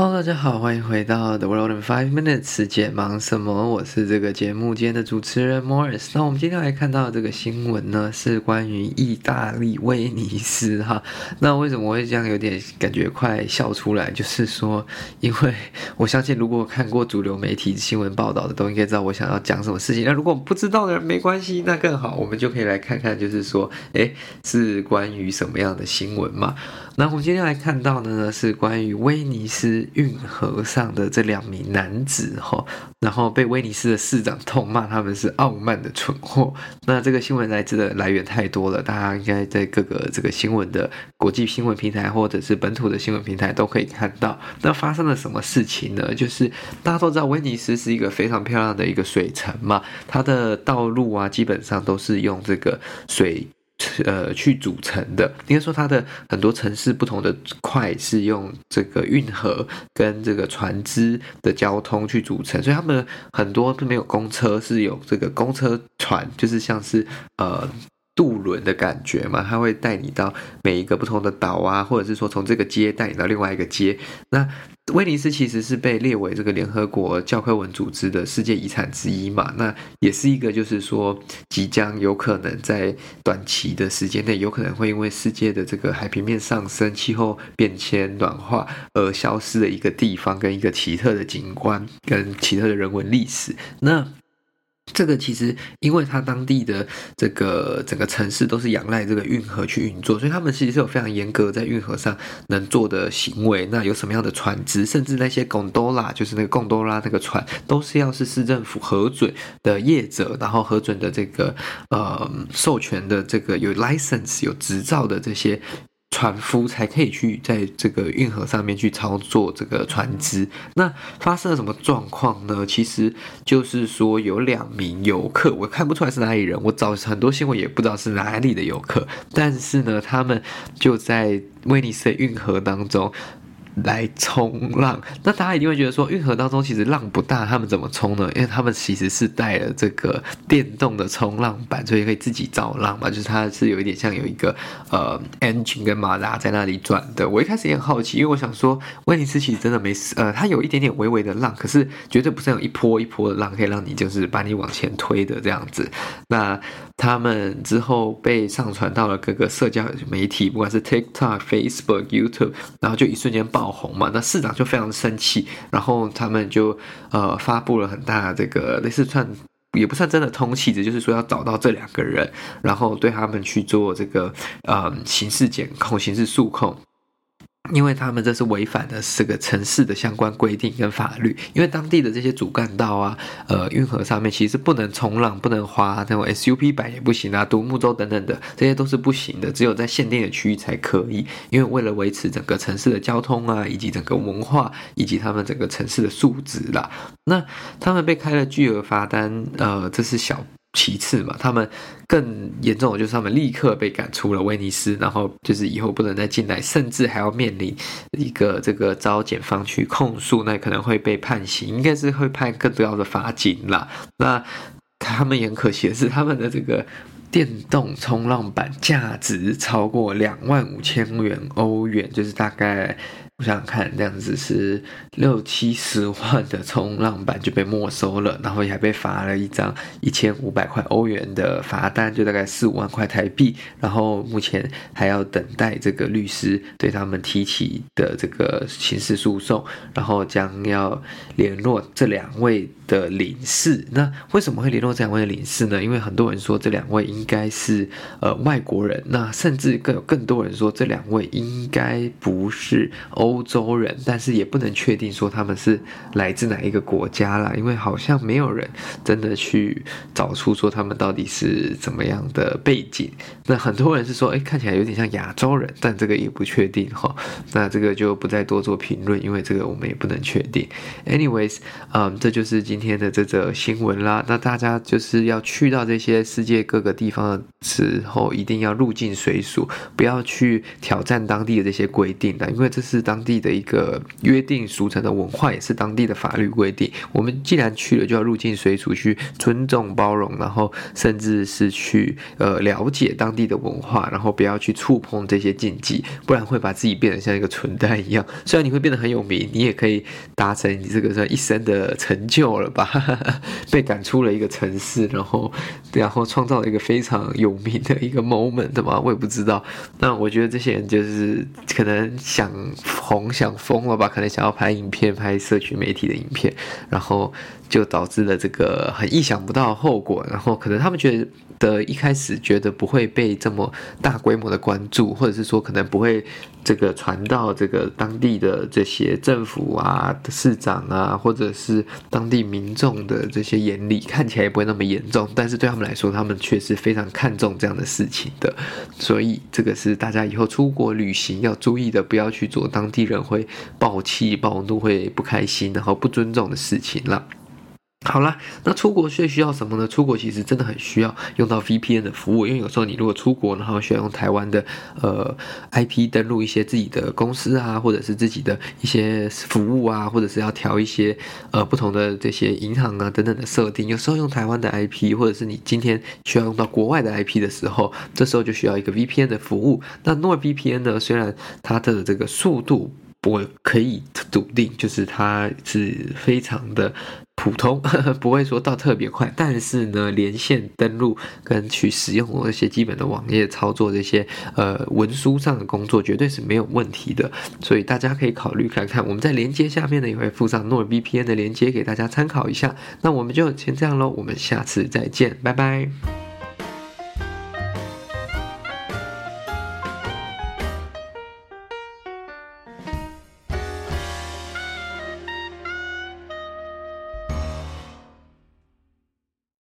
Hello，大家好，歡迎回到 The World in Five Minutes。節忙什麼？我是這個節目間的主持人 Morris。那我們今天來看到的這個新聞呢，是關於意大利威尼斯哈。那為什麼我會這樣？有點感覺快笑出來，就是說，因為我相信，如果看過主流媒體新聞報道的，都應該知道我想要講什麼事情。那如果不知道的人沒關係，那更好，我們就可以來看看，就是說，哎，是關於什麼樣的新聞嘛？那我們今天來看到的呢，是關於威尼斯。運河上的這兩名男子哈，然後被威尼斯的市長痛罵他們是傲慢的蠢貨。那這個新聞來自的來源太多了，大家應該在各個這個新聞的國際新聞平台或者是本土的新聞平台都可以看到。那發生了什麼事情呢？就是大家都知道威尼斯是一個非常漂亮的一個水城嘛，它的道路啊基本上都是用這個水。呃，去組成的應該說，它的很多城市不同的塊是用這個運河跟這個船隻的交通去組成，所以他們很多都沒有公車，是有這個公車船，就是像是呃。渡輪的感覺嘛，它會帶你到每一個不同的島啊，或者是說從這個街帶你到另外一個街。那威尼斯其實是被列為這個聯合國教科文組織的世界遺產之一嘛，那也是一個就是說即將有可能在短期的時間內有可能會因為世界的這個海平面上升、氣候變遷、暖化而消失的一個地方跟一個奇特的景觀跟奇特的人文歷史。那。這個其實，因為它當地的這個整個城市都是仰賴這個運河去運作，所以他們其實有非常嚴格在運河上能做的行為。那有什麼樣的船隻，甚至那些貢多拉，就是那個貢多拉那個船，都是要是市政府核准的業者，然後核准的這個呃授權的這個有 license 有執照的這些。船夫才可以去在這個運河上面去操作這個船隻。那發生了什麼狀況呢？其實就是說有兩名遊客，我看不出來是哪裡人，我找很多新聞也不知道是哪裡的遊客，但是呢，他們就在威尼斯的運河當中，來衝浪，那大家一定會覺得說，運河當中其實浪不大，他們怎麼衝呢？因為他們其實是帶了這個電動的衝浪板，所以可以自己造浪嘛，就是它是有一點像有一個呃 engine 跟馬達在那裡轉的。我一開始也很好奇，因為我想說，威尼斯其實真的沒，呃，它有一點點微微的浪，可是絕對不是有一波一波的浪可以讓你就是把你往前推的這樣子。那他們之後被上傳到了各個社交媒體，不管是 TikTok、Facebook、YouTube，然後就一瞬間爆。紅嘛，那市長就非常生氣，然後他們就呃發布了很大的這個類似算也不算真的通氣，也就是說要找到這兩個人，然後對他們去做這個呃刑事檢控、刑事訴控。因為他們這是違反了這個城市的相關規定跟法律，因為當地的這些主幹道啊，呃，運河上面其實不能衝浪，不能滑，那種 SUP 板也不行啊，獨木舟等等的，這些都是不行的，只有在限定的區域才可以。因為為了維持整個城市的交通啊，以及整個文化，以及他們整個城市的素質啦，那他們被開了巨額罰單，呃，這是小。其次嘛，他們更嚴重的就是他們立刻被趕出了威尼斯，然後就是以後不能再進來，甚至還要面臨一個這個遭檢方去控訴，那可能會被判刑，應該是會判更多的罰金了。那他們也很可惜的是，他們的這個電動衝浪板價值超過兩萬五千元歐元，就是大概。我想看，這樣子是六七十萬的衝浪板就被沒收了，然後也還被罰了一張一千五百塊歐元的罰單，就大概四五萬塊台幣。然後目前還要等待這個律師對他們提起的這個刑事訴訟，然後將要聯絡這兩位的領事。那為什麼會聯絡這兩位的領事呢？因為很多人說這兩位應該是呃外國人，那甚至更有更多人說這兩位應該不是歐。歐洲人，但是也不能確定說他們是來自哪一個國家啦，因為好像沒有人真的去找出說他們到底是怎麼樣的背景。那很多人是說，哎、欸，看起來有點像亞洲人，但這個也不確定哈。那這個就不再多做評論，因為這個我們也不能確定。Anyways，嗯，這就是今天的這則新聞啦。那大家就是要去到這些世界各個地方的時候，一定要入境隨俗，不要去挑戰當地的這些規定啦，因為這是當當地的一個約定俗成的文化，也是當地的法律規定。我們既然去了，就要入境隨俗，去尊重、包容，然後甚至是去呃了解當地的文化，然後不要去觸碰這些禁忌，不然會把自己變得像一個蠢蛋一樣。雖然你會變得很有名，你也可以達成你這個一生的成就了吧？ 被趕出了一個城市，然後然後創造了一個非常有名的一個 moment 嗎？我也不知道。那我覺得這些人就是可能想。紅想瘋了吧？可能想要拍影片，拍社群媒體的影片，然後。就導致了這個很意想不到的後果，然後可能他們覺得一開始覺得不會被這麼大規模的關注，或者是說可能不會這個傳到這個當地的這些政府啊、市長啊，或者是當地民眾的這些眼裡，看起來也不會那麼嚴重。但是對他們來說，他們卻是非常看重這樣的事情的，所以這個是大家以後出國旅行要注意的，不要去做當地人會爆氣、暴怒、會不開心，然後不尊重的事情了。好啦，那出國最需要什麼呢？出國其實真的很需要用到 VPN 的服務，因為有時候你如果出國，然後需要用台灣的呃 IP 登錄一些自己的公司啊，或者是自己的一些服務啊，或者是要調一些呃不同的這些銀行啊等等的設定，有時候用台灣的 IP，或者是你今天需要用到國外的 IP 的時候，這時候就需要一個 VPN 的服務。那 Nord VPN 呢，雖然它的這個速度，我可以篤定，就是它是非常的。普通呵呵不會說到特別快，但是呢，連線登錄跟去使用那些基本的網頁操作，這些呃文書上的工作絕對是沒有問題的。所以大家可以考慮看看。我們在連接下面呢也會附上 NordVPN 的連接給大家參考一下。那我們就先這樣咯，我們下次再見，拜拜。